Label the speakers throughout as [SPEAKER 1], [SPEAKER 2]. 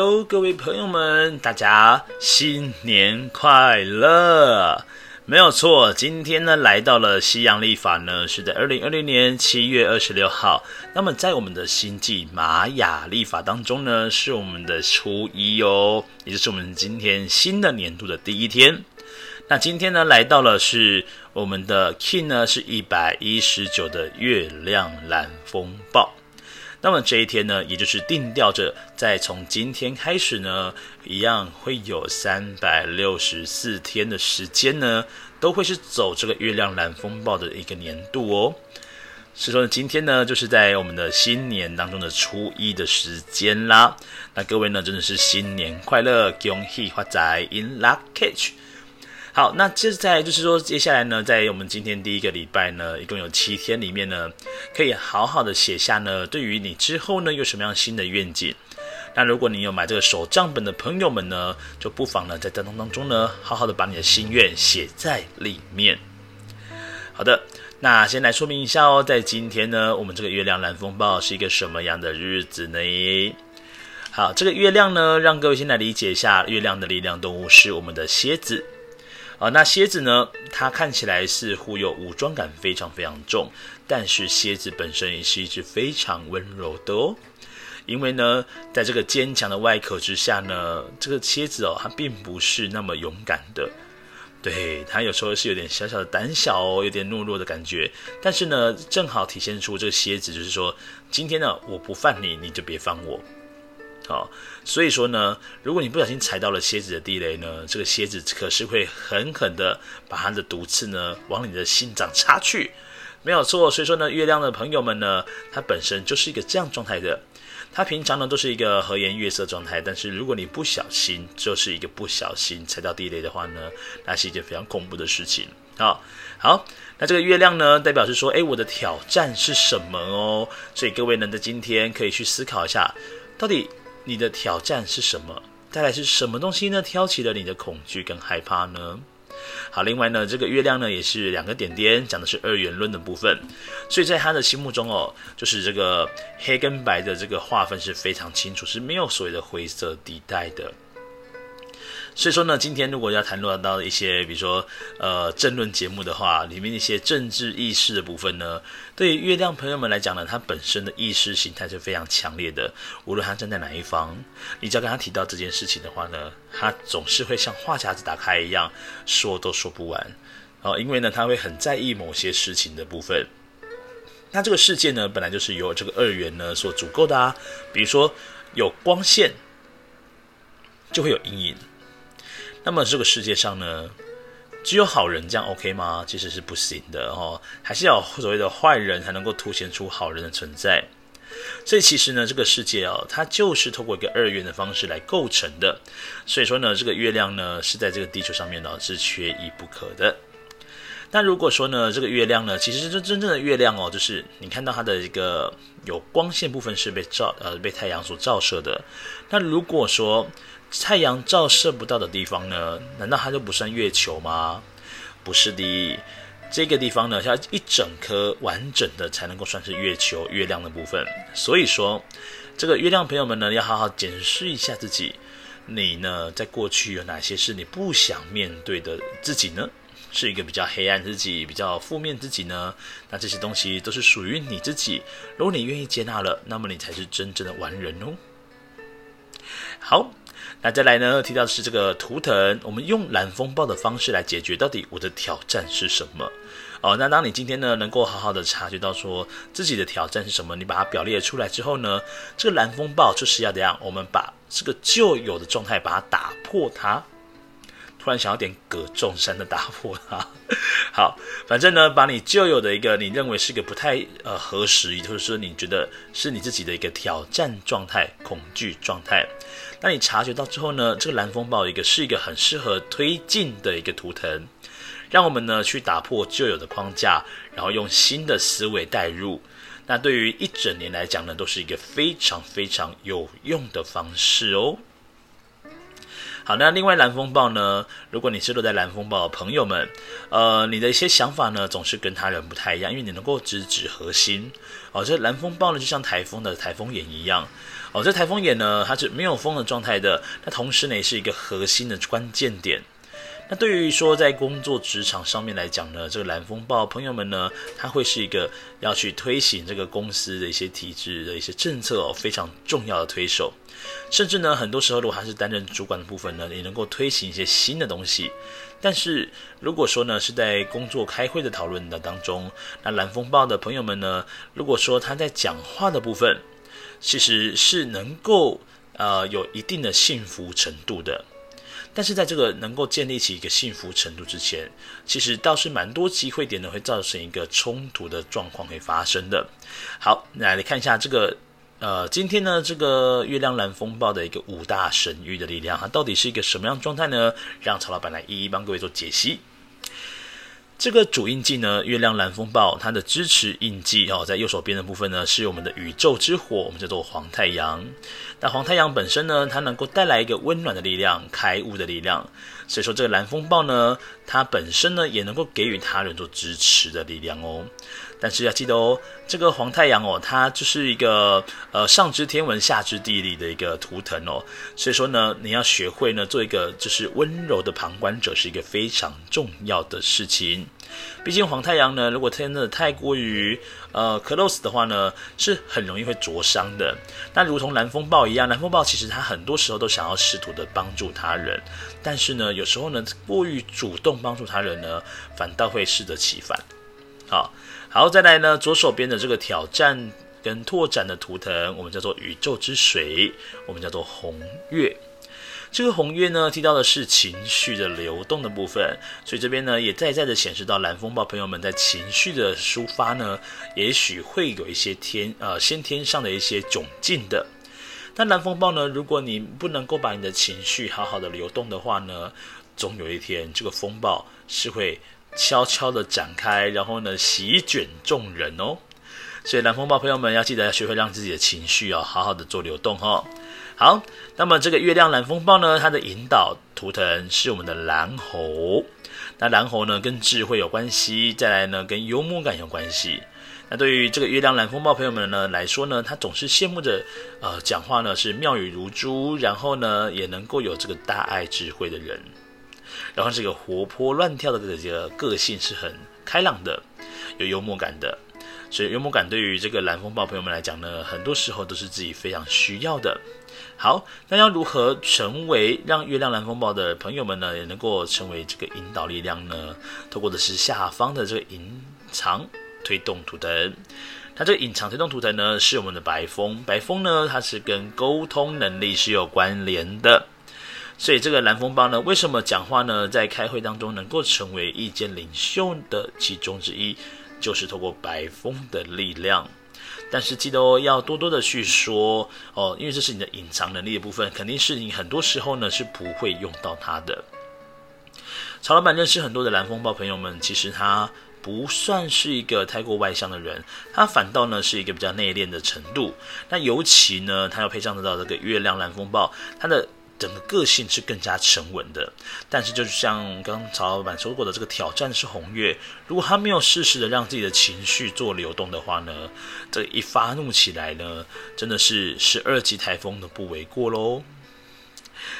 [SPEAKER 1] Hello，各位朋友們，大家新年快樂！沒有錯，今天呢來到了西洋曆法呢是在二零二零年七月二十六號。那麼在我們的星際瑪雅曆法當中呢，是我們的初一哦，也就是我們今天新的年度的第一天。那今天呢來到了是我們的 Kin 呢是一百一十九的月亮藍風暴。那麼這一天呢，也就是定調着再從今天開始呢，一樣會有三百六十四天的時間呢，都會是走這個月亮藍風暴的一個年度哦。所以說呢，今天呢，就是在我們的新年當中的初一的時間啦。那各位呢，真的是新年快樂，恭喜發財，In Lak'ech。好，那接下來就是說，接下來呢，在我們今天第一個禮拜呢，一共有七天裡面呢，可以好好的寫下呢，對於你之後呢，有什麼樣新的願景？那如果你有買這個手賬本的朋友們呢，就不妨呢，在當中當，當中呢，好好的把你的心願寫在裡面。好的，那先來說明一下哦，在今天呢，我們這個月亮藍風暴是一個什麼樣的日子呢？好，這個月亮呢，讓各位先來理解一下，月亮的力量動物是我們的蠍子。啊、哦，那蠍子呢，它看起來似乎有武裝感非常非常重，但是蠍子本身也是一隻非常溫柔的哦。因為呢，在這個堅強的外殼之下呢，這個蠍子哦，它並不是那麼勇敢的。對，它有時候是有點小小的膽小哦，有點懦弱的感覺。但是呢，正好體現出這個蠍子就是說，今天呢，我不犯你，你就別犯我。好，所以說呢，如果你不小心踩到了蠍子的地雷呢，這個蠍子可是會狠狠的把它的毒刺呢往你的心臟插去，沒有錯。所以說呢，月亮的朋友們呢，它本身就是一個這樣狀態的，它平常呢都是一個和顏悅色狀態，但是如果你不小心，就是一個不小心踩到地雷的話呢，那是一件非常恐怖的事情。好，好，那這個月亮呢，代表是說，哎，我的挑戰是什麼哦？所以各位呢，在今天可以去思考一下，到底，你的挑戰是什麼？再來是什麼東西呢？挑起了你的恐懼跟害怕呢？好，另外呢，這個月亮呢也是兩個點點，講的是二元論的部分，所以在他的心目中哦，就是這個黑跟白的這個劃分是非常清楚，是沒有所謂的灰色地帶的。所以說呢，今天如果要談論到一些，比如說，呃，政論節目的話，裡面一些政治意識的部分呢，對於月亮朋友們來講呢，他本身的意識形態是非常強烈的。無論他站在哪一方，你只要跟他提到這件事情的話呢，他總是會像話匣子打開一樣，說都說不完。哦，因為呢，他會很在意某些事情的部分。那這個世界呢，本來就是由這個二元呢所組構的啊，比如說有光線，就會有陰影。那麼這個世界上呢，只有好人這樣 OK 嗎？其實是不行的哦，還是要所謂的壞人才能夠凸顯出好人的存在。所以其實呢，這個世界啊、哦，它就是透過一個二元的方式來構成的。所以說呢，這個月亮呢，是在這個地球上面呢、哦，是缺一不可的。那如果說呢，這個月亮呢，其實真真正的月亮哦，就是你看到它的一個有光線部分是被照，呃，被太陽所照射的。那如果說太陽照射不到的地方呢，難道它就不算月球嗎？不是的，這個地方呢，要一整顆完整的才能夠算是月球月亮的部分。所以說，這個月亮朋友們呢，要好好檢視一下自己，你呢，在過去有哪些是你不想面對的自己呢？是一個比較黑暗自己，比較負面自己呢？那這些東西都是屬於你自己。如果你願意接納了，那麼你才是真正的完人哦。好，那再來呢？提到的是這個圖騰，我們用藍風暴的方式來解決。到底我的挑戰是什麼？哦，那當你今天呢能夠好好的察覺到說自己的挑戰是什麼，你把它表列出來之後呢，這個藍風暴就是要怎樣？我們把這個舊有的狀態把它打破它。突然想要點隔重山的打破哈、啊。好，反正呢，把你舊有的一個你認為是個不太呃合時宜，就是說你覺得是你自己的一個挑戰狀態、恐懼狀態，當你察覺到之後呢，這個藍風暴一個是一個很適合推進的一個圖騰，讓我們呢去打破舊有的框架，然後用新的思維帶入。那對於一整年來講呢，都是一個非常非常有用的方式哦。好，那另外藍風暴呢？如果你是落在藍風暴的朋友們，呃，你的一些想法呢，總是跟他人不太一樣，因為你能夠直指核心。哦，這藍風暴呢，就像台風的台風眼一樣。哦，這台風眼呢，它是沒有風的狀態的，那同時呢，也是一個核心的關鍵點。那對於說在工作職場上面來講呢，這個藍風暴朋友們呢，他會是一個要去推行這個公司的一些體制的一些政策哦，非常重要的推手。甚至呢，很多時候如果他是擔任主管的部分呢，也能夠推行一些新的東西。但是如果說呢是在工作開會的討論的當中，那藍風暴的朋友們呢，如果說他在講話的部分，其實是能夠呃有一定的信服程度的。但是在這個能夠建立起一個幸福程度之前，其實倒是蠻多機會點呢，會造成一個衝突的狀況會發生的。好，那來，來看一下這個，呃，今天呢這個月亮藍風暴的一個五大神域的力量，它到底是一個什麼樣的狀態呢？讓曹老板來一一幫各位做解析。這個主印記呢，月亮藍風暴，它的支持印記哦，在右手邊的部分呢，是我們的宇宙之火，我們叫做黃太陽。那黃太陽本身呢，它能夠帶來一個溫暖的力量、開悟的力量，所以說這個藍風暴呢，它本身呢，也能夠給予他人做支持的力量哦。但是要記得哦，這個黃太陽哦，它就是一個呃上知天文下知地理的一個圖騰哦，所以說呢，你要學會呢做一個就是溫柔的旁觀者，是一個非常重要的事情。畢竟黃太陽呢，如果天真的太過於呃 close 的話呢，是很容易會灼傷的。那如同藍風暴一樣，藍風暴其實他很多時候都想要試圖的幫助他人，但是呢，有時候呢過於主動幫助他人呢，反倒會適得其反。好。好，再來呢，左手邊的這個挑戰跟拓展的圖騰，我們叫做宇宙之水，我們叫做紅月。這個紅月呢，提到的是情緒的流動的部分，所以這邊呢也在在的顯示到藍風暴朋友們在情緒的抒發呢，也許會有一些天啊、呃，先天上的一些窘境的。但藍風暴呢，如果你不能夠把你的情緒好好的流動的話呢，總有一天這個風暴是會悄悄的展開，然後呢，席捲眾人哦。所以藍風暴朋友們要記得要學會讓自己的情緒哦，好好的做流動哈哦。好，那麼這個月亮藍風暴呢，它的引導圖騰是我們的藍猴。那藍猴呢，跟智慧有關係，再來呢，跟幽默感有關係。那對於這個月亮藍風暴朋友們呢來說呢，他總是羨慕着，呃，講話呢是妙語如珠，然後呢也能夠有這個大愛智慧的人。然後這個活潑亂跳的這個個性，是很開朗的，有幽默感的。所以幽默感對於這個藍風暴朋友們來講呢，很多時候都是自己非常需要的。好，那要如何成為讓月亮藍風暴的朋友們呢，也能夠成為這個引導力量呢？透過的是下方的這個隱藏推動圖騰。它這個隱藏推動圖騰呢，是我們的白風。白風呢，它是跟溝通能力是有關聯的。所以這個藍風暴呢，為什麼講話呢？在開會當中能夠成為意見領袖的其中之一，就是透過白風的力量。但是記得哦，要多多的去說哦，因為這是你的隱藏能力的部分，肯定是你很多時候呢是不會用到它的。曹老板認識很多的藍風暴朋友們，其實他不算是一個太過外向的人，他反倒呢是一個比較內斂的程度。那尤其呢，他要配上得到這個月亮藍風暴，他的。整個個性是更加沉穩的，但是就是像剛剛曹老板說過的，這個挑戰是紅月。如果他沒有適時的讓自己的情緒做流動的話呢，這一發怒起來呢，真的是十二級台風都不為過嘍。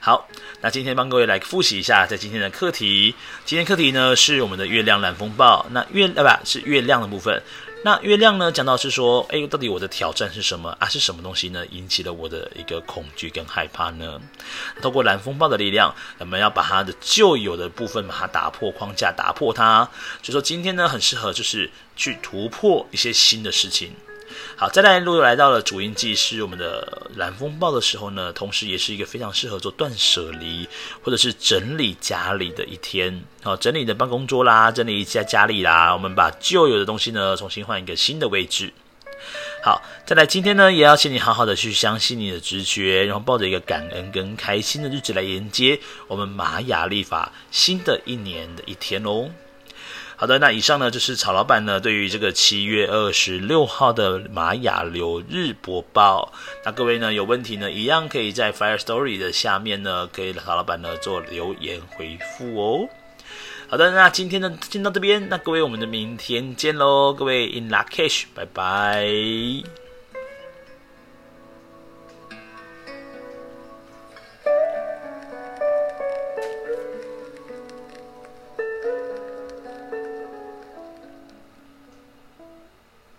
[SPEAKER 1] 好，那今天幫各位來複習一下，在今天的課題，今天課題呢是我們的月亮藍風暴。那月啊，不、呃、是月亮的部分。那月亮呢，講到是說，哎，到底我的挑戰是什麼啊？是什麼東西呢？引起了我的一個恐懼跟害怕呢？透過藍風暴的力量，我們要把它的舊有的部分，把它打破框架，打破它。所以說今天呢，很適合就是去突破一些新的事情。好，再來，又來到了主印記是我們的藍風暴的時候呢，同時也是一個非常適合做斷捨離或者是整理家裡的一天。好，整理你的辦公桌啦，整理一下家裡啦，我們把舊有的東西呢，重新換一個新的位置。好，再來，今天呢，也要請你好好的去相信你的直覺，然後抱着一個感恩跟開心的日子來迎接我們瑪雅曆法新的一年的一天哦。好的，那以上呢就是曹老板呢對於這個七月二十六號的瑪雅流日播報。那各位呢有問題呢，一樣可以在 Firstory 的下面呢，可以曹老板呢做留言回復哦。好的，那今天呢先到這邊，那各位我們的明天見嘍，各位 In Lak'ech，拜拜。